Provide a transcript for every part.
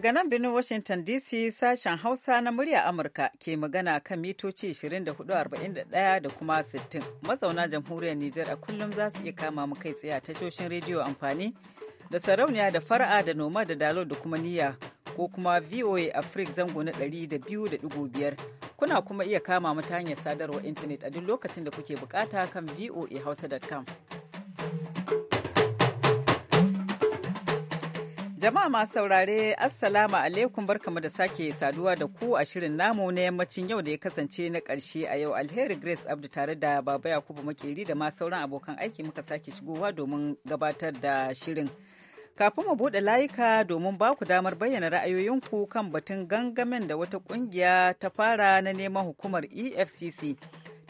Daga nan birnin Washington DC sashen Hausa na murya Amurka ke magana kan mitoci 24,41 da kuma 60. Mazauna jamhuriyar Nijar a kullum za su iya kama mu kai tsaye a tashoshin rediyo amfani da sarauniya da fara'a da noma da dalo da kuma niyya ko kuma VOA Africa zango na 200.5. Kuna kuma iya kama mu ta hanyar sadarwar intanet a duk lokacin da kuke bukata kan voahausa.com. Jama'a ma saurare, Assalamu alaikum barkamu da sake saduwa da ku a shirin namu na yammacin yau da ya kasance na ƙarshe a yau alheri Grace Abdu tare da Baba Yakubu Makeri da ma sauran abokan aiki muka sake shigowa domin gabatar da shirin. Kafin mu buɗe layuka domin ba ku damar bayyana ra'ayoyinku kan batun gangamin da wata ƙungiya ta fara na neman hukumar EFCC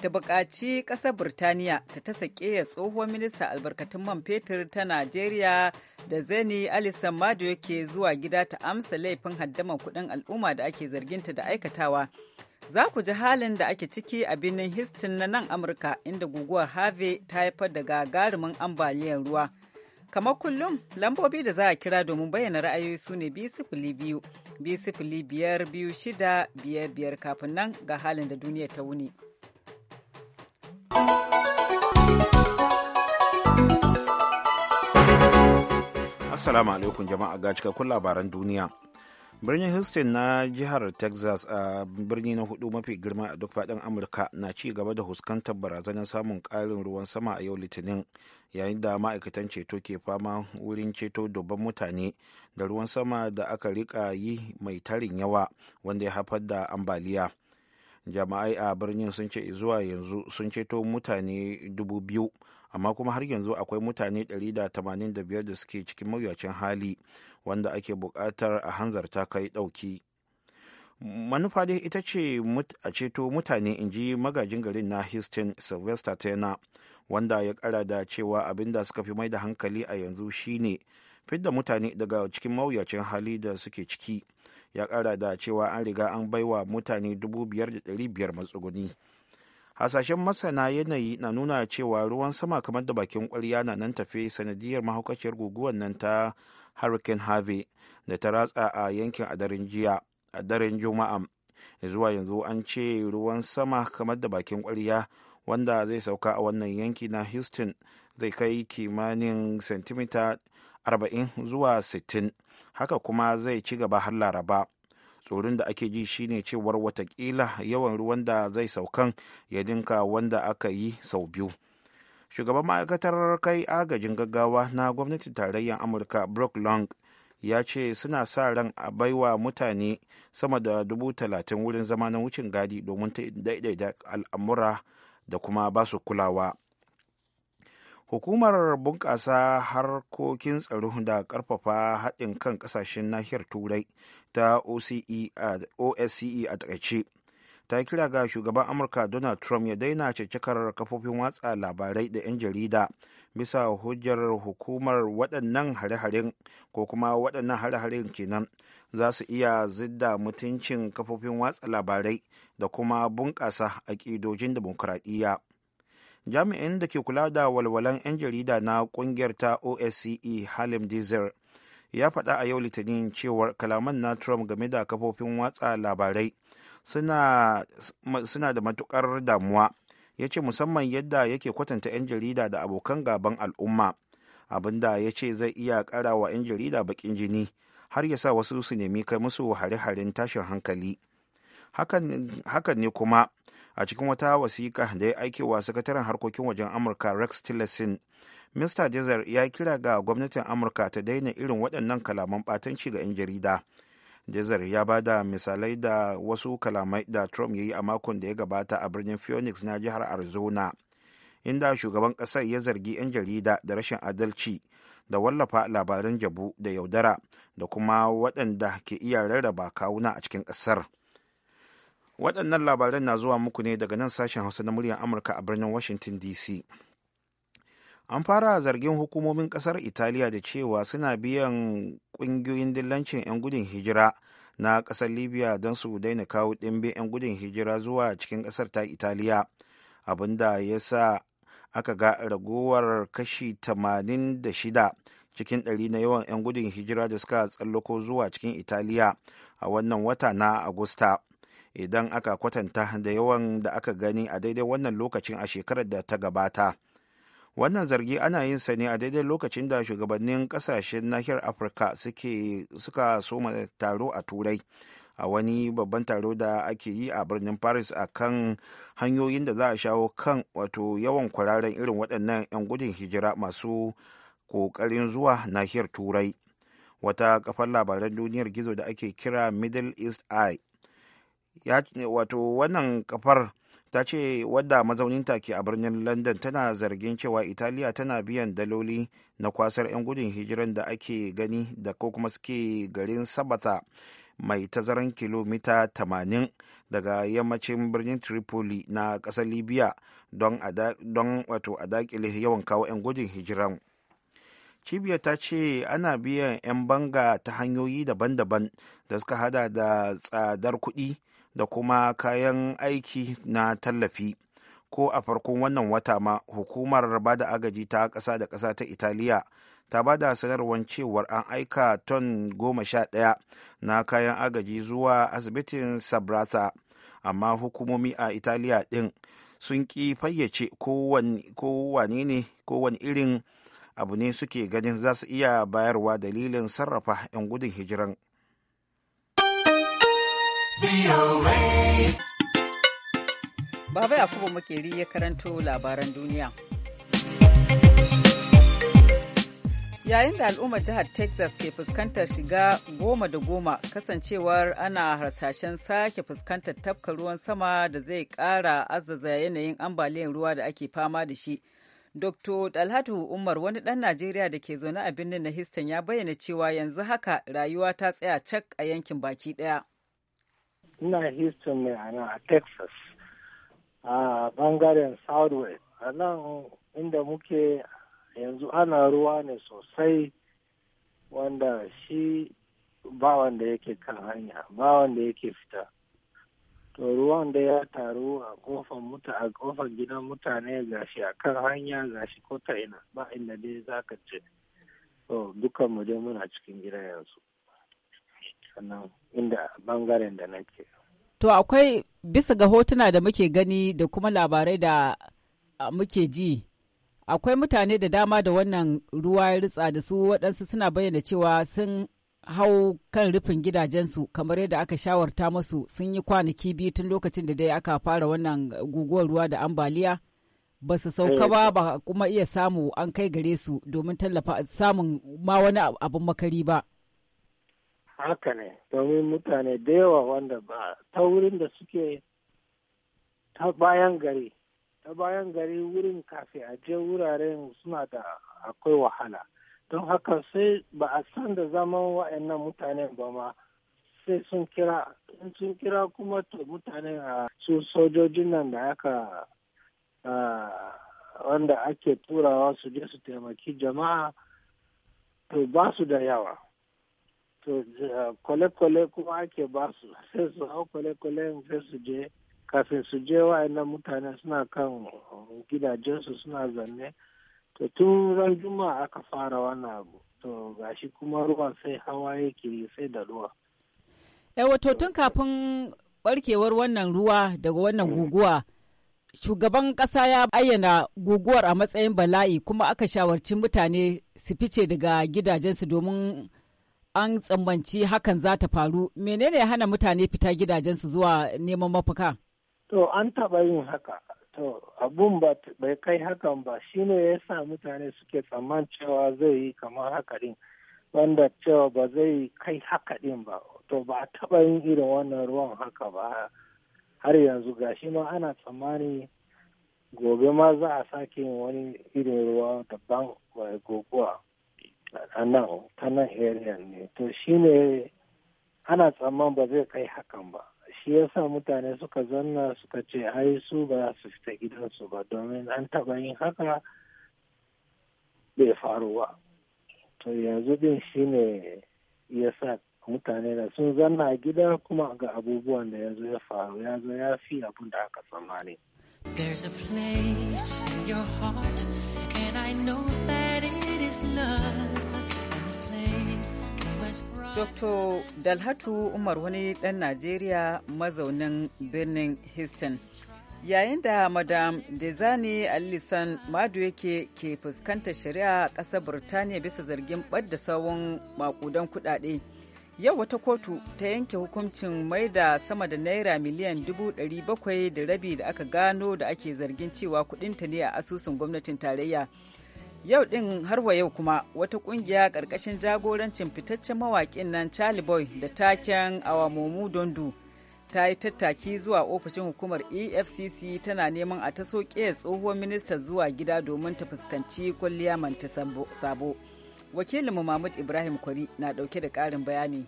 ta buƙaci ƙasar Burtaniya ta ta sake ya tsohuwar minista albarkatun man fetur ta Najeriya da Zeni Alison Mado yake zuwa gida ta amsa laifin haddaman kuɗin al'umma da ake zarginta da aikatawa. Za ku ji halin da ake ciki a birnin Houston na nan Amurka inda guguwar Harvey ta haifar da gagarumin ambaliyar ruwa. kamar kullum lambobi da za a kira domin bayyana ra'ayoyi su ne biyu sifili biyar biyu shida biyar biyar kafin nan ga halin da duniya ta wuni. Assalamu alaikum jama'a ga cikakkun labaran duniya. Birnin Houston na jihar Texas a birni na hudu mafi girma a duk faɗin Amurka na ci gaba da huskantar barazanar samun ƙarin ruwan sama a yau Litinin yayin da ma'aikatan ceto ke fama wurin ceto dubban mutane da ruwan sama da aka riƙa yi mai tarin yawa wanda ya haifar da ambaliya. jama'ai a birnin sun ce zuwa yanzu sun ceto mutane dubu biyu amma kuma har yanzu akwai mutane 185 da suke cikin mawuyacin hali wanda ake buƙatar a hanzarta kai ɗauki manufa dai ita ce a ceto mutane in ji magajin garin na houston sylvester tena wanda ya kara da cewa abinda suka fi mai da hankali a yanzu shine fidda mutane daga cikin mawuyacin hali da suke ciki ya kara da cewa an riga an baiwa mutane 5,500 matsuguni hasashen masana yanayi na nuna cewa ruwan sama kamar da bakin kwarya na nan tafe sanadiyar mahaukaciyar guguwar nan ta hurricane harvey da ta ratsa a yankin a daren jiya a daren juma'a zuwa yanzu an ce ruwan sama kamar da bakin kwarya wanda zai sauka a wannan yanki na houston zai kai kimanin sentimita arba'in zuwa sittin haka kuma zai ci gaba har laraba tsoron da ake ji shine cewar watakila yawan ruwan da zai saukan ya dinka wanda aka yi sau biyu shugaban ma'aikatar kai agajin gaggawa na gwamnatin tarayyar amurka brock long ya ce suna sa ran a baiwa mutane sama da dubu talatin wurin zama na wucin gadi domin daidaita al'amura da kuma basu kulawa hukumar bunƙasa harkokin tsaro da ƙarfafa haɗin kan ƙasashen nahiyar turai ta osce a e takaice ta kira ga shugaban amurka donald trump ya daina cikakkar kafofin watsa labarai da 'yan jarida bisa hujjar hukumar waɗannan hare-haren ko kuma waɗannan hare-haren kenan za su iya zidda mutuncin kafofin watsa labarai da kuma bunƙasa aƙidojin dimokuraɗiyya jami'in da ke kula da walwalan 'yan jarida na kungiyar ta osce halim dizer ya faɗa a yau litinin cewar kalaman na trump game da kafofin watsa labarai suna, da matukar damuwa ya ce musamman yadda yake kwatanta 'yan jarida da abokan gaban al'umma abinda ya ce zai iya ƙara wa 'yan jarida baƙin jini har ya sa wasu su nemi kai musu hare-haren tashin hankali hakan ne kuma a cikin wata wasiƙa da ya wa sakataren harkokin wajen amurka rex tillerson mista desert ya kira ga gwamnatin amurka ta daina irin waɗannan kalaman ɓatanci ga 'yan jarida dezer ya ba da misalai da wasu kalamai da trump ya yi a makon da ya gabata a birnin phoenix na jihar arizona inda shugaban ƙasar ya zargi 'yan jarida da rashin adalci da wallafa labaran jabu da yaudara da kuma waɗanda ke iya rarraba kawuna a cikin ƙasar. waɗannan labaran na zuwa muku ne daga nan sashen hausa na muryar amurka a birnin washington dc an fara zargin hukumomin ƙasar italiya da cewa suna biyan ƙungiyoyin dillancin 'yan gudun hijira na ƙasar libya don su daina kawo ɗimbe 'yan gudun hijira zuwa cikin ƙasar ta italiya da ya sa aka ga ragowar kashi 86 cikin ɗari na yawan 'yan gudun hijira da suka tsallako zuwa cikin italiya a wannan wata na agusta idan aka kwatanta da yawan da aka gani a daidai wannan lokacin a shekarar da ta gabata wannan zargi ana yin sa ne a daidai lokacin da shugabannin kasashen nahiyar afirka suka soma taro a turai a wani babban taro da ake yi a birnin paris a kan hanyoyin da za a shawo kan wato yawan kwararren irin waɗannan 'yan gudun hijira masu ƙoƙarin zuwa nahiyar turai wata kafar labaran duniyar gizo da ake kira middle east eye ya wato wannan kafar ta ce wadda mazauninta ke a birnin london tana zargin cewa italiya tana biyan daloli na kwasar 'yan gudun hijiran da ake gani da ko kuma suke garin sabata mai tazaran kilomita 80 daga yammacin birnin tripoli na ƙasar libya don wato a dakile yawan kawo 'yan gudun hijiran cibiyar ta ce ana biyan 'yan banga ta hanyoyi daban-daban da suka hada da tsadar kuɗi da kuma kayan aiki na tallafi ko a farkon wannan wata ma hukumar ba da agaji ta ƙasa da ƙasa ta italiya ta ba da sanarwar cewar an aika ton goma sha ɗaya na kayan agaji zuwa asibitin sabrata amma hukumomi a italiya ɗin sun ƙi fayyace kowane ne kowane irin abu ne suke ganin za su iya bayarwa dalilin sarrafa 'yan gudun hijiran Baba Yakubu Makeri ya karanto labaran duniya. Yayin da al'ummar jihar Texas ke fuskantar shiga goma da goma kasancewar ana harsashen sake fuskantar tafka ruwan sama da zai ƙara azaza yanayin ambaliyar ruwa da ake fama da shi. Dr. Dalhatu Umar wani ɗan Najeriya da ke zaune a birnin na Houston ya bayyana cewa yanzu haka rayuwa ta tsaya cak a yankin baki ɗaya. ina houston ne a a texas a bangaren southwest a nan inda muke yanzu ana ruwa ne sosai wanda shi ba wanda yake kan hanya ba wanda yake fita to ruwan da ya taru a kofar muta a kofar gidan mutane gashi a kan hanya gashi ko ta ina ba inda dai za ce to dukan mu dai muna cikin gida yanzu sannan inda bangaren da nake. To akwai bisa ga hotuna da muke gani da kuma labarai da muke ji akwai mutane da dama da wannan ruwa ya ritsa da su waɗansu suna bayyana cewa sun hau kan rufin gidajensu kamar yadda aka shawarta masu sun yi kwanaki biyu tun lokacin da dai aka fara wannan guguwar ruwa da ambaliya ba su sauka ba ba kuma iya samu an kai gare su domin tallafa samun ma wani abin makari ba haka ne domin mutane da yawa wanda ba ta wurin da suke ta bayan gari ta bayan gari wurin kafi a je wuraren suna da akwai wahala don haka sai ba a san da zaman wa'annan mutane ba ma sai sun kira in sun kira kuma mutane a su sojojin nan da aka wanda ake turawa su je su taimaki jama'a to ba su da yawa to eh, kwale-kwale kuma ake ba su sai su hau kwale-kwale sai su je kafin su je wa'annan mutane suna kan gidajensu suna zanne to tun ran juma'a aka fara wannan abu to gashi kuma ruwa sai hawa yake sai da ruwa e wato tun kafin barkewar wannan ruwa daga wannan guguwa shugaban kasa ya ayyana guguwar a matsayin bala'i kuma aka shawarci mutane su fice daga gidajensu domin an tsammanci hakan za ta faru menene hana mutane fita gidajensu zuwa neman mafaka to an taɓa yin haka to abun bai kai hakan ba shine ya sa mutane suke tsamman cewa zai yi kamar haka din wanda cewa ba zai kai haka din ba to ba a taɓa yin irin wannan ruwan haka ba har yanzu ga shi ma ana tsammani gobe ma za a sake yin wani irin ruwa daban mai guguwa a nan ta nan ne to shine ana tsamman ba zai kai hakan ba shi yasa mutane suka zanna suka ce ai su ba su fita gidansu ba domin an taɓa yin haka bai faruwa to yanzu din shine sa mutane da sun zanna a gida kuma ga abubuwan da yanzu ya faru ya zo ya fi abin da aka tsammani There's a place in your heart and I know that it is love Dr. Dalhatu Umar wani ɗan Najeriya mazaunin birnin Houston. Yayin da Madam Dezani Alisan Madu yake ke fuskantar shari'a a ƙasar Burtaniya bisa zargin ɓadda sawun makudan kuɗaɗe. Yau wata kotu ta yanke hukuncin mai da sama da naira miliyan dubu ɗari bakwai da rabi da aka gano da ake zargin cewa kuɗinta ne a asusun gwamnatin tarayya. yau ɗin har wa yau kuma wata ƙungiya ƙarƙashin jagorancin fitaccen mawaƙin nan charlie boy da taken awamomu dondu ta yi tattaki zuwa ofishin hukumar efcc tana neman a ta soke tsohuwar minista zuwa gida domin ta fuskanci kwalliya manta sabo wakilinmu mahmud ibrahim kwari na ɗauke da ƙarin bayani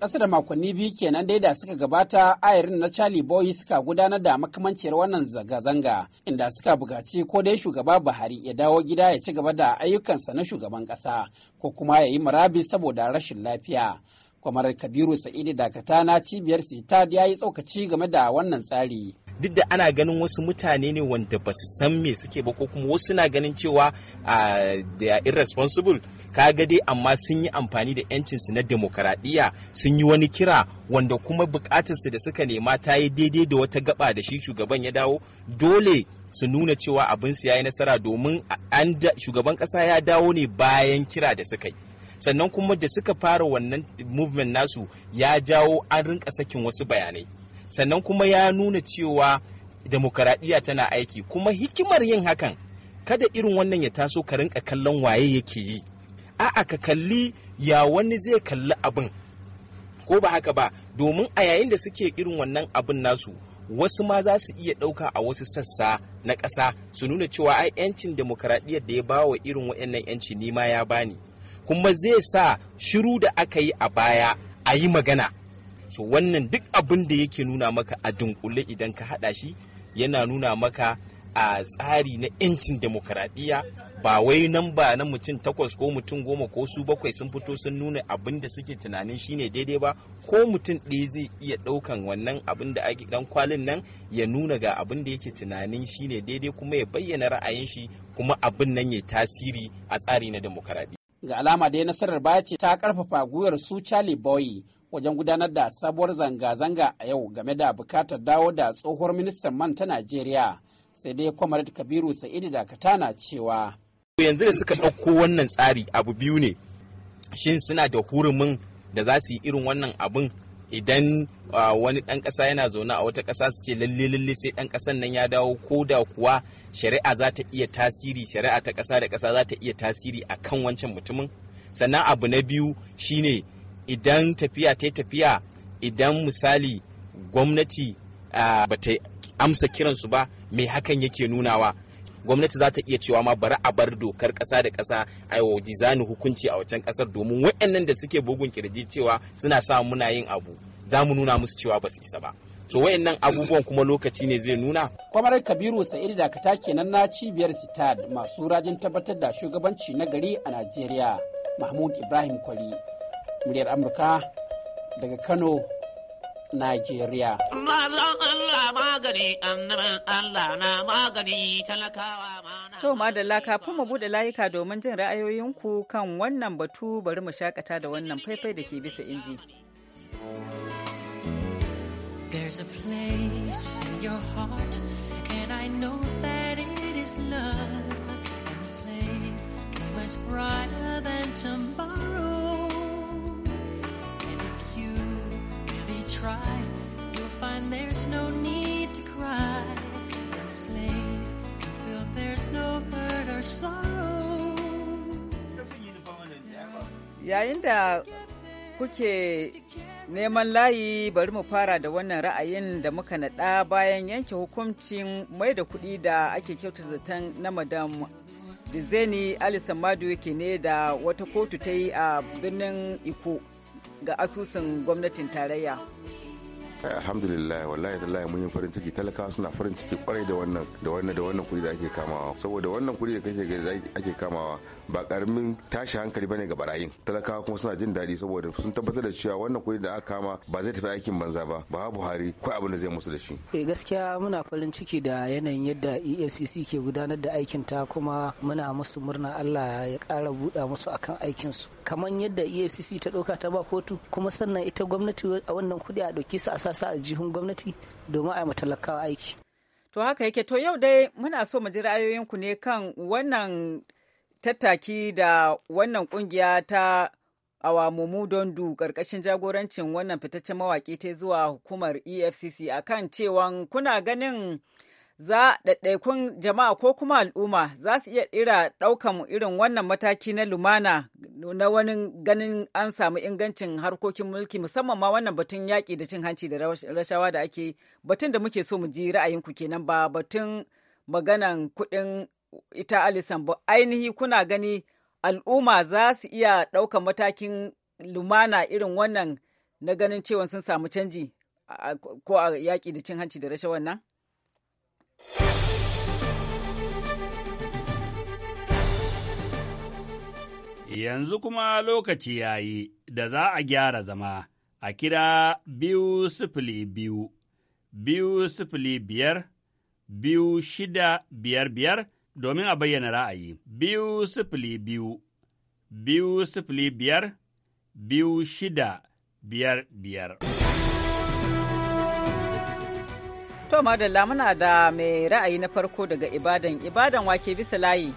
Ƙasa da makonni biyu kenan dai da suka gabata ayarin na Charlie Boy suka gudanar da makamanciyar wannan zanga-zanga inda suka bugaci ko dai shugaba Buhari ya dawo gida ya ci gaba da ayyukansa na shugaban ƙasa ko kuma ya yi murabi saboda rashin lafiya. Kwamarar Kabiru Sa'idu Dakata na cibiyar Sitad ya yi tsokaci game da wannan tsari. duk da ana ganin wasu mutane ne wanda ba su san me suke ba ko kuma wasu na ganin cewa ah, they are irresponsible kaga dai amma sun yi amfani da yancinsu na demokaradiyya sun yi wani kira wanda kuma bukatarsu da suka nema ta yi daidai da wata gaba da shi shugaban ya dawo dole su nuna cewa su ya yi nasara domin shugaban kasa ya dawo ne bayan kira da suka yi sannan kuma da suka fara wannan movement nasu ya jawo an rinka sakin wasu bayanai sannan kuma ya nuna cewa demokaradiyya tana aiki kuma hikimar yin hakan kada irin wannan ya taso ka rinka kallon waye yake yi a'a ka kalli ya wani zai kalli abin ko ba haka ba domin a yayin da suke irin wannan abin nasu wasu ma za su iya ɗauka a wasu sassa na ƙasa su nuna cewa ai 'yancin demokaradiyyar da ya ba wa irin waɗannan 'yanci nima ya bani kuma zai sa shiru da aka yi a baya a yi magana so wannan duk abin da yake nuna maka a dunkule idan ka hada shi yana nuna maka a tsari na 'yancin demokradiyya ba wai nan ba na mutum takwas ko mutum goma ko su bakwai sun fito sun nuna abin da suke tunanin shine daidai ba ko mutum ɗaya zai iya ɗaukan wannan abin da ake dan kwalin nan ya nuna ga abin da yake tunanin shine daidai kuma ya bayyana ra'ayin shi kuma abin nan ya tasiri a tsari na demokradiyya ga alama dai nasarar baya ce ta karfafa gwiwar su Charlie Boy wajen gudanar da sabuwar zanga-zanga a yau game da bukatar dawo da tsohuwar ministan man ta Najeriya sai dai Kwamarat Kabiru Sa'idu Dakata na cewa. Yanzu da suka ɗauko wannan tsari abu biyu ne shin suna da hurumin da za su yi irin wannan abun idan wani ɗan ƙasa yana zaune a wata ƙasa su ce lalle lalle sai ɗan ƙasan nan ya dawo ko da kuwa shari'a za ta iya tasiri shari'a ta ƙasa da ƙasa za ta iya tasiri a kan wancan mutumin sannan abu na biyu shine idan tafiya ta tafiya idan misali gwamnati ba ta amsa kiransu ba mai hakan yake nunawa gwamnati za ta iya cewa ma bari a bar dokar kasa da ƙasa a zani hukunci a wancan kasar domin waɗannan da suke bugun kirji cewa suna sa muna yin abu za mu nuna musu cewa ba su isa ba to wayannan abubuwan kuma lokaci ne zai nuna kwamar kabiru sa'id dakata kenan na cibiyar sitad masu rajin tabbatar da shugabanci na gari a najeriya mahmud ibrahim Kwari. muryar amurka daga kano Najeriya. Mazan Allah magani, annabin ma To, madalla kafin mu bude layuka domin jin ra'ayoyinku kan wannan batu bari mu shakata da wannan faifai da ke bisa inji. There's a much brighter than tomorrow. Yayin da kuke neman layi bari mu fara da wannan ra'ayin da muka naɗa bayan yanke hukuncin mai da kuɗi da ake kyauta zaton na madam Dizeni Alison Madu yake ne da wata kotu ta yi a birnin Iko ga asusun gwamnatin tarayya. alhamdulillah wallahi tallahi mun yi farin ciki talaka suna farin ciki kwarai da wannan da wannan kuɗi da ake kamawa saboda wannan kuɗi da kake da ake kamawa ba karamin tashi hankali bane ga barayin talakawa kuma suna jin daɗi saboda sun tabbatar da cewa wannan kuɗi da aka kama ba zai tafi aikin banza ba ba buhari ko abin da zai musu da shi eh gaskiya muna farin ciki da yanayin yadda efcc ke gudanar da aikin ta kuma muna musu murna allah ya ƙara buɗa musu akan aikin su kamar yadda efcc ta ɗauka ta ba kotu kuma sannan ita gwamnati a wannan kuɗi a ɗauki su a sasa a jihun gwamnati domin a yi talakawa aiki To haka yake to yau dai muna so mu ji ra'ayoyinku ne kan wannan tattaki da wannan kungiya ta awamumu dondu karkashin jagorancin wannan fitaccen mawaki ta zuwa hukumar efcc akan cewa kuna ganin za ɗaiɗaikun jama'a ko kuma al'umma za su iya ira ɗaukan irin wannan mataki na lumana na wani ganin an samu ingancin harkokin mulki musamman ma wannan batun yaƙi da cin hanci da rashawa da ake batun da muke so mu ji ra'ayinku kenan ba batun maganan kuɗin ita Alison ba ainihi kuna gani al'umma za su iya ɗaukar matakin lumana irin wannan na ganin cewa sun samu canji ko a yaƙi da cin hanci da rashe wannan? Yanzu kuma lokaci ya yi da za a gyara zama a kira biyu sifili biyu, biyu sifili biyar, biyu shida biyar biyar domin a bayyana ra'ayi. Biyu sifili biyu, biyu sifili biyar, biyu shida biyar biyar. To madalla muna da mai ra'ayi na farko daga Ibadan, Ibadan wake bisa layi.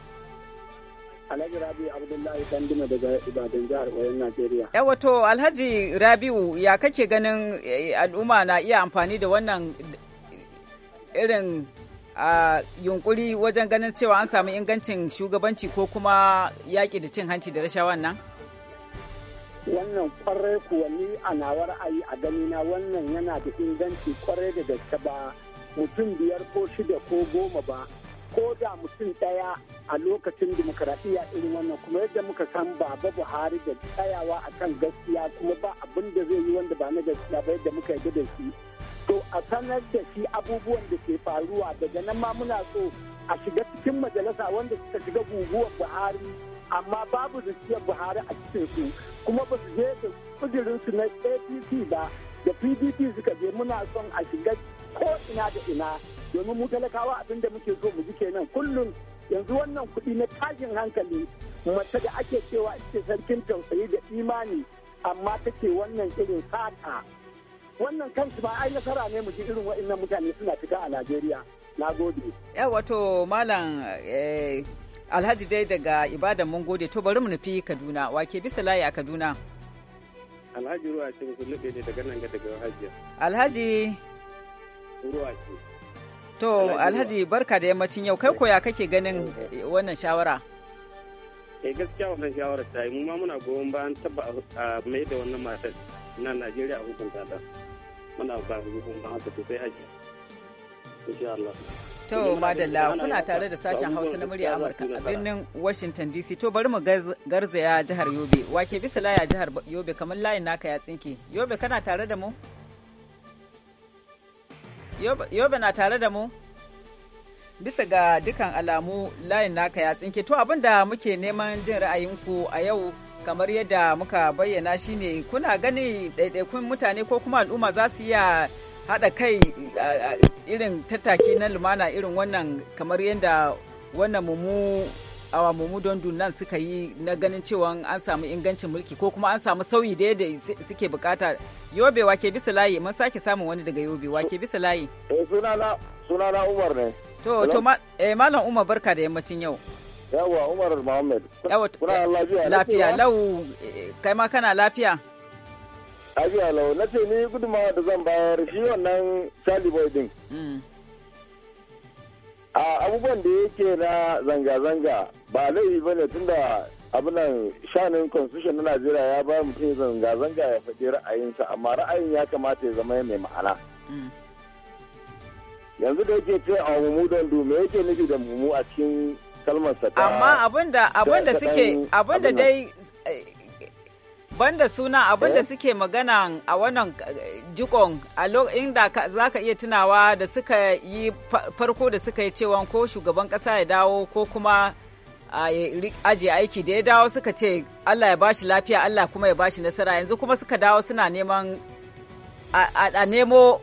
Alhaji Rabi Abdullahi Kandina daga Ibadan jihar Oyon Najeriya. Yawa to Alhaji Rabiu ya kake ganin eh, al'umma na iya amfani da wannan irin a yunkuri wajen ganin cewa an samu ingancin shugabanci ko kuma yaƙi da cin hanci da rashawan nan? Wannan kwarai kuwa ni a nawar ra'ayi a ganina wannan yana da inganci kwarai da gaske ba mutum biyar ko shida ko goma ba ko da mutum ɗaya a lokacin demokaradiyya irin wannan kuma yadda muka san baba buhari da tsayawa a kan gaskiya kuma ba abin da zai yi wanda ba na gaskiya ba yadda muka yi da shi to a sanar da shi abubuwan da ke faruwa daga nan ma muna so a shiga cikin majalisa wanda suka shiga guguwar buhari amma babu zuciyar buhari a cikin su kuma ba su je da kudirinsu na apc ba da pdp suka je muna son a shiga ko ina da ina domin mu talakawa abin da muke so mu ji kenan kullum yanzu wannan kuɗi na tashin hankali mace da ake cewa ita sarkin tausayi da imani amma take wannan irin sata wannan kansu ba ai nasara ne mu ji irin waɗannan mutane suna fita a Najeriya na gode eh, wato malam eh, Alhaji dai daga ibadan mun gode to bari mu nufi Kaduna wake bisa layi a Kaduna Alhaji ruwa ce mu ne daga nan ga daga Alhaji Alhaji ruwa ce To Alhaji barka da yammacin yau kai koya kake ganin wannan shawara? Eh gaskiya wannan shawara ta yi mu ma muna goyon bayan taba a mai da wannan matar na Najeriya a hukunta ta. Muna ba hukunta haka sai aji. Insha Allah. To madalla kuna tare da sashen Hausa na murya Amurka a birnin Washington DC. To bari mu garzaya jihar Yobe. Wake bisa laya jihar Yobe kamar layin naka ya tsinke. Yobe kana tare da mu? Yobe na tare da mu? Bisa ga dukan alamu layin naka ya tsinke. To abin da muke neman jin ra'ayinku a yau kamar yadda muka bayyana shine kuna gani ɗaiɗaikun mutane ko kuma al'umma za su iya haɗa kai irin tattaki na lumana irin wannan kamar yadda wannan mumu awa mumudon nan suka yi na ganin cewa an samu ingancin mulki ko kuma an samu sauyi da yadda suke bukata yobe wake bisa layi mun sake samun wani daga yobe wake bisa layi eh, sunana sunana umar ne to to eh, malam umar barka da yammacin yau yawa umar muhammad yawa kuna eh, lafiya lafiya lau kai ma kana lafiya lafiya lau ce ni gudunmawa da zan bayar shi wannan charlie boy din mm. a abubuwan da yake na zanga-zanga ba laifi ba ne tunda abinan shanin constitution na najeriya ya ba mutum zanga-zanga ya faɗi ra'ayinsa amma ra'ayin ya kamata ya zama mai ma'ana hmm. yanzu da yake ce a oh, mumu don dume yake nufi da mumu a cikin kalmarsa ta amma abinda suke abinda dai eh, wanda suna abin da eh? suke magana a wannan eh, jikon a inda za ka iya tunawa da suka yi farko da suka yi cewa ko shugaban kasa ya dawo ko kuma aje aiki da ya dawo suka ce Allah ya bashi lafiya Allah kuma ya bashi nasara yanzu kuma suka dawo suna neman a nemo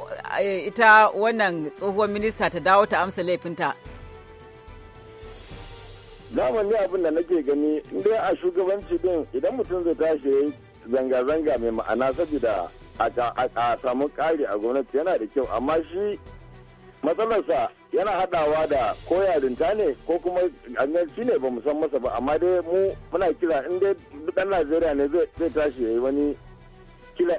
ita wannan tsohuwar minista ta dawo ta amsa laifinta. zamani abin da nake gani inda a shugabanci din idan mutum zai tashi zanga-zanga mai ma'ana saboda a samu ƙari a gwamnati yana da kyau amma shi matsalarsa yana haɗawa da ko yarinta ne ko kuma ganganci ne ba san masa ba amma dai mu muna kira in dai ɗan najeriya ne zai tashi ya yi wani kila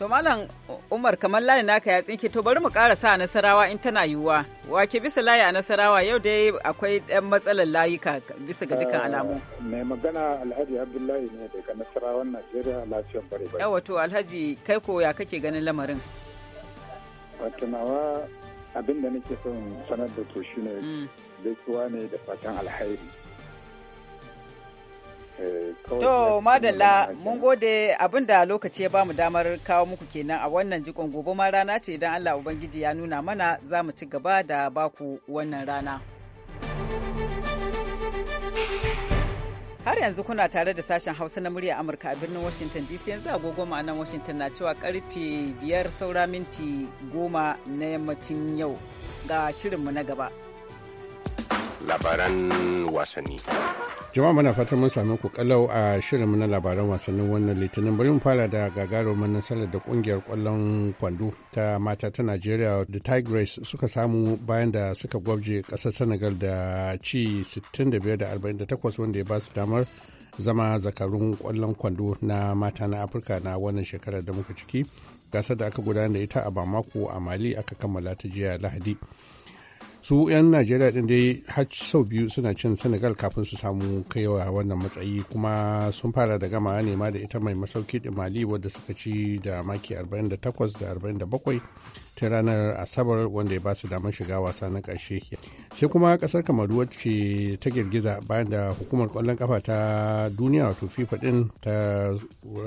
To Malam Umar kamar layi naka ya tsinke to bari mu karasa a Nasarawa in tana yiwuwa. Wake bisa layi a Nasarawa yau dai akwai ɗan matsalar layuka bisa ga dukkan alamu. Eh, mai magana Alhaji Abdullahi ne daga Nasarawan Najeriya lafiyar bare bare. Yawa to Alhaji kai ko ya kake ganin lamarin? Wato nawa abin nake son sanar da to shine mm. ne da fatan alhairi. To madalla mun gode abin da lokaci ya ba mu damar kawo muku kenan a wannan jikon gobe ma rana ce idan Allah Ubangiji ya nuna mana za mu ci gaba da baku wannan rana. Har yanzu kuna tare da sashen Hausa na murya Amurka a birnin Washington DC yanzu agogo ma'anan Washington na cewa karfe biyar saura minti goma na yammacin yau ga shirinmu na gaba. labaran wasanni. Jama'a muna fatan mun sami ku kalau a shirinmu na labaran wasannin wannan litinin bari mu fara da gagarumin sanar da kungiyar kwallon kwando ta mata ta Najeriya da Tigres suka samu bayan da suka gwabje kasar Senegal da ci 65 da 48 wanda ya ba su damar zama zakarun kwallon kwando na mata na Afirka na wannan shekarar da muka ciki gasar da aka gudanar da ita a Bamako a Mali aka kammala ta jiya Lahadi. su 'yan najeriya din dai har sau biyu suna cin senegal kafin su samu kaiwa wannan matsayi kuma sun fara da gama nema da ita mai masauki da mali wadda suka ci da maki 48 da 47 ta ranar asabar wanda ya ba su damar shiga wasa na ƙarshe sai kuma ƙasar kamaru wacce ta girgiza bayan da hukumar kwallon kafa ta duniya wato fifa din ta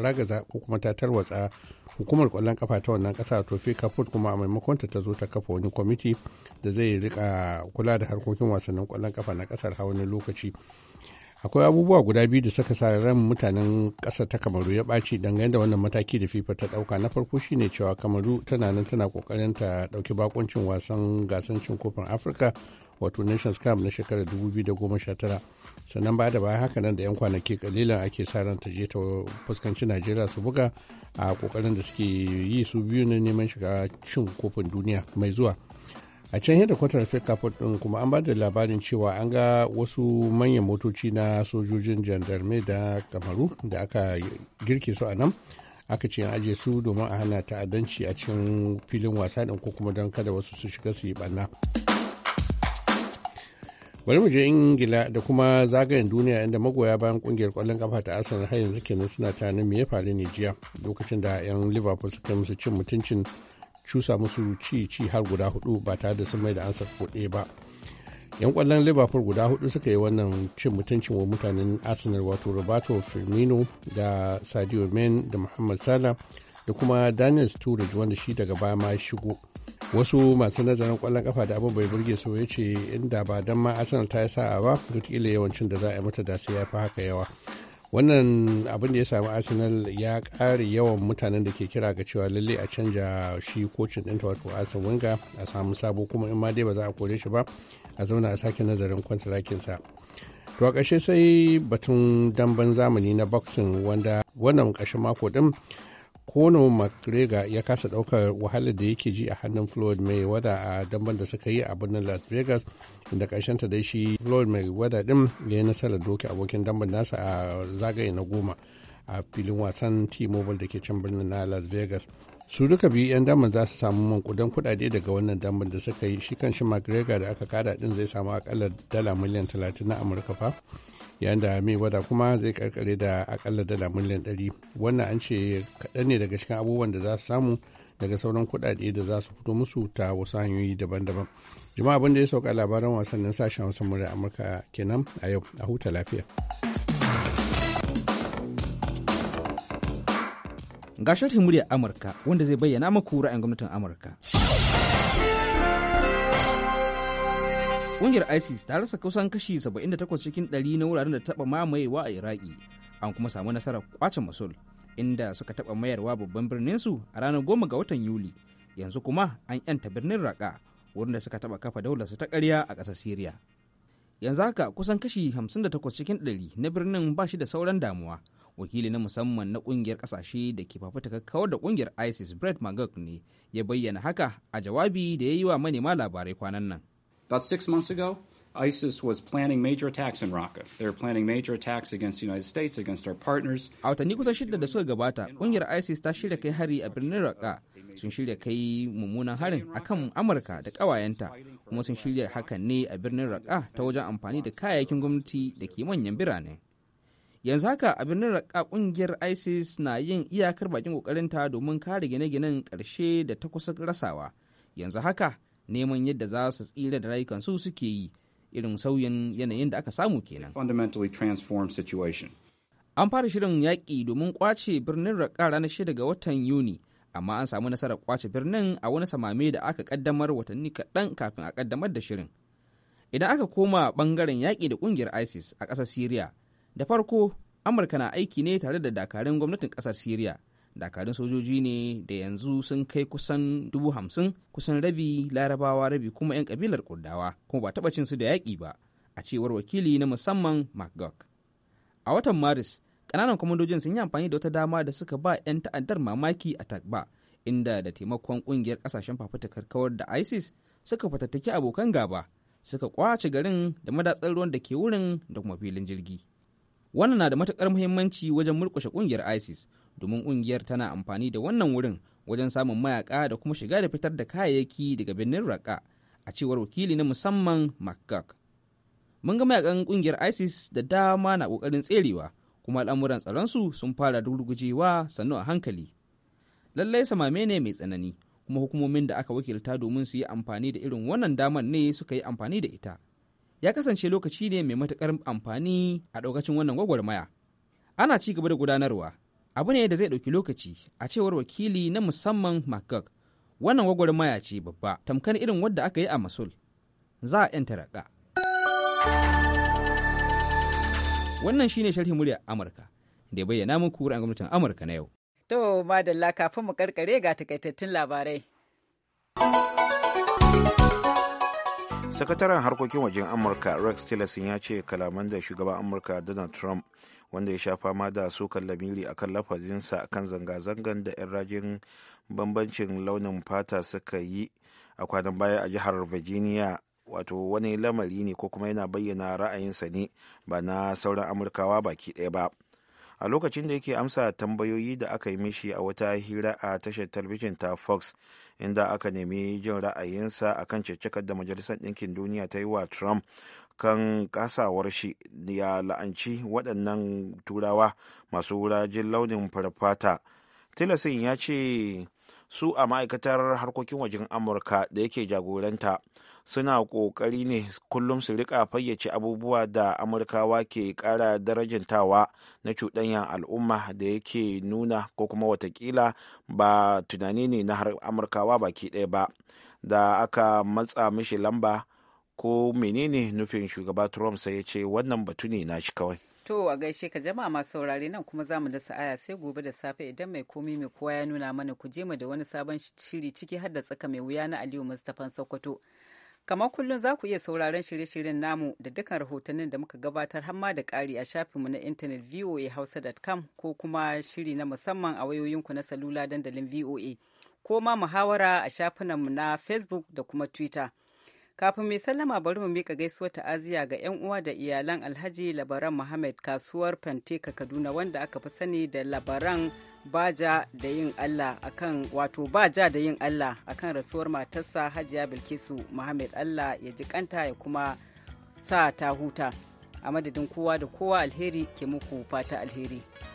ragaza ko kuma ta tarwatsa hukumar kwallon kafa ta wannan ƙasa wato fifa kuma a maimakon ta zo ta kafa wani kwamiti da zai rika kula da harkokin wasannin kwallon kafa na ƙasar hawa wani lokaci akwai abubuwa guda biyu da suka sa ran mutanen ƙasa ta kamaru ya ɓaci dangane da wannan mataki da fifa ta ɗauka na farko shine cewa kamaru tana nan tana ƙoƙarin ta ɗauki bakuncin wasan gasan cin kofin afirka wato nations cup na shekarar tara sannan ba da baya haka nan da 'yan kwanaki kalilan ake sa ran ta je ta fuskanci najeriya su buga a kokarin da suke yi su biyu na neman shiga cin kofin duniya mai zuwa a can yadda kwatar fekafot din kuma an ba da labarin cewa an ga wasu manyan motoci na sojojin jandarme da kamaru da aka girke su a nan aka ce an aje su domin a hana ta'addanci a cikin filin wasa din ko kuma don kada wasu su shiga su yi ɓanna. bari mu je ingila da kuma zagayen duniya inda magoya bayan kungiyar kwallon kafa ta arsenal har yanzu kenan suna tunanin me ya faru ne jiya lokacin da yan liverpool suka musu cin mutuncin cusa musu ci ci har guda hudu ba tare da sun mai da ansa kuɗe ba yan kwallon liverpool guda hudu suka yi wannan cin mutuncin wa mutanen arsenal wato roberto firmino da sadio men da muhammad sala da kuma daniel sturridge wanda shi daga baya ma shigo wasu masu nazarin kwallon kafa da abin bai burge su ya ce inda ba don ma arsenal ta yi sa'a ba wataƙila yawancin da za a yi mata da sai ya fi haka yawa wannan abin da ya samu arsenal ya ƙare yawan mutanen da ke kira ga cewa lalle a canja shi kocin ɗinta wato asan wanga a samu sabo kuma in ma dai ba za a kore shi ba a zauna a sake nazarin kwantarakinsa to a ƙarshe sai batun damben zamani na boxing wanda wannan ƙarshen mako din. kono mcgregor ya kasa daukar wahalar da yake ji a hannun floyd mai wada a damban da suka yi a birnin las vegas inda ta dai shi floyd mai wada din ya yi nasarar doki abokin damban nasa a zagaye na goma a filin wasan t-mobile da ke can birnin na las vegas su duka biyu 'yan damban za su samu kudan kudade daga wannan damban da suka yi shi kan shi mcgregor da aka kada din zai samu akalla dala miliyan 30 na amurka fa yayin da mai wada kuma zai karkare da akalla dala miliyan 100 wannan an ce kaɗan ne daga cikin abubuwan da za su samu daga sauran kuɗaɗe da za su fito musu ta wasu hanyoyi daban-daban jama'a abin da ya sauka labaran wasannin sashen wasan murya amurka kenan a yau a huta lafiya ga sharhin amurka wanda zai bayyana muku ra'ayin gwamnatin amurka Ƙungiyar ISIS ta rasa kusan kashi 78 cikin 100 na wuraren da taba mamayewa a Iraki, an kuma samu nasarar kwace Mosul, inda suka taba mayarwa babban birninsu a ranar 10 ga watan Yuli. Yanzu kuma an yanta birnin raka wurin da suka taba kafa daular su ta karya a ƙasar syria. Yanzu haka kusan kashi 58 cikin 100 na birnin ba shi da sauran damuwa. wakili na musamman na kungiyar kasashe da ke fafutuka kawar da kungiyar isis brett magog ne ya bayyana haka a jawabi da ya yi wa manema labarai kwanan nan About six months ago, ISIS was planning major attacks in Raqqa. They were planning major attacks against the United States, against our partners. A watanni kusan shida da suka gabata, ƙungiyar ISIS ta shirya kai hari a birnin Raqqa. Sun shirya kai mummunan harin akan Amurka da kawayenta kuma sun shirya hakan ne a birnin Raqqa ta wajen amfani da kayayyakin gwamnati da ke manyan birane. Yanzu haka a birnin Raqqa kungiyar ISIS na yin iyakar bakin ƙoƙarinta domin kare gine-ginen karshe da ta kusa rasawa. Yanzu haka neman yadda za su tsira da rayukansu suke yi irin sauyin yanayin da aka samu kenan. An fara shirin yaƙi domin ƙwace birnin Raqqa ranar shida ga watan Yuni, amma an samu nasarar ƙwace birnin a wani samame da aka ƙaddamar watanni kaɗan kafin a ƙaddamar da shirin. Idan aka koma ɓangaren yaƙi da ƙungiyar ISIS a ƙasar Siriya, da farko Amurka na aiki ne tare da dakarun gwamnatin ƙasar Siriya. dakarun sojoji ne da yanzu sun kai kusan dubu hamsin kusan rabi larabawa rabi kuma 'yan kabilar kurdawa kuma ba taba cin su da yaƙi ba a cewar wakili na musamman mcgurk a watan maris ƙananan kwamandojin sun yi amfani da wata dama da suka ba 'yan ta'addar mamaki a takba inda da taimakon ƙungiyar kasashen fafutukar kawar da isis suka fatattaki abokan gaba suka kwace garin da madatsar ruwan da ke wurin da kuma filin jirgi wannan na da matukar muhimmanci wajen murkushe ƙungiyar isis domin ƙungiyar tana amfani da wannan wurin wajen samun mayaka da kuma shiga da fitar da kayayyaki daga birnin raka a cewar wakili na musamman mcgurk mun ga mayakan ƙungiyar isis da dama na ƙoƙarin tserewa kuma al'amuran tsaronsu sun fara durgujewa sannu a hankali lallai samame ne mai tsanani kuma hukumomin da aka wakilta domin su yi amfani da irin wannan damar ne suka yi amfani da ita ya kasance lokaci ne mai matukar amfani a ɗaukacin wannan gwagwarmaya ana ci gaba da gudanarwa abu ne da zai ɗauki lokaci a cewar wakili na musamman macgog wannan maya ce babba tamkar irin wadda aka yi a masul za a yanta raƙa wannan shine sharhin muryar amurka da ya bayyana muku ran gwamnatin amurka na yau to madalla kafin mu karkare ga takaitattun labarai sakataren harkokin wajen amurka rex tillerson ya ce kalaman da shugaban amurka donald trump wanda ya sha fama da sukan lamiri akan lafazinsa kan zanga-zangan da 'yan rajin bambancin launin fata suka yi a kwanan baya a jihar virginia wato wani lamari ne ko kuma yana bayyana ra'ayinsa ne ba na sauran amurkawa baki ɗaya ba a lokacin da yake amsa tambayoyi da aka yi mishi a wata hira a tashar talabijin ta fox inda aka nemi jin ra'ayinsa a kan cecekar da majalisar ɗinkin duniya ta yi wa trump kan kasawar shi ya la'anci waɗannan turawa masu wurajin launin farfata tilasin ya ce su a ma'aikatar harkokin wajen amurka da yake jagoranta suna ƙoƙari ne kullum su rika fayyace abubuwa da amurkawa ke ƙara darajantawa na cuɗanyan al'umma da yake nuna ko kuma watakila ba tunani ne na amurkawa baki ɗaya ba da aka matsa mishi lamba ko menene nufin shugaba trump sai ya ce wannan batu ne na shi kawai To a gaishe ka jama'a masu saurare nan kuma zamu da sa'aya sai gobe da safe idan mai komi mai kowa ya nuna mana ku je mu da wani sabon shiri ciki har da tsaka mai wuya na Aliyu mustafan Sokoto. Kamar kullum za ku iya sauraron shirye-shiryen namu da dukkan rahotannin da muka gabatar hamma da ƙari a shafinmu na intanet voahausa.com ko kuma shiri na musamman a wayoyinku na salula dandalin VOA ko ma muhawara a shafinanmu na Facebook da kuma Twitter. Kafin mai sallama bari mu mika gaisuwar ta'aziya ga 'yan uwa da iyalan Alhaji Labaran Muhammad kasuwar Fanteka Kaduna wanda aka fi sani da Labaran Baja da yin Allah akan wato Baja da yin Allah akan rasuwar matarsa Hajiya Bilkisu Muhammad Allah ya ji kanta ya kuma sa ta huta. A madadin kowa da kowa alheri ke muku fata alheri.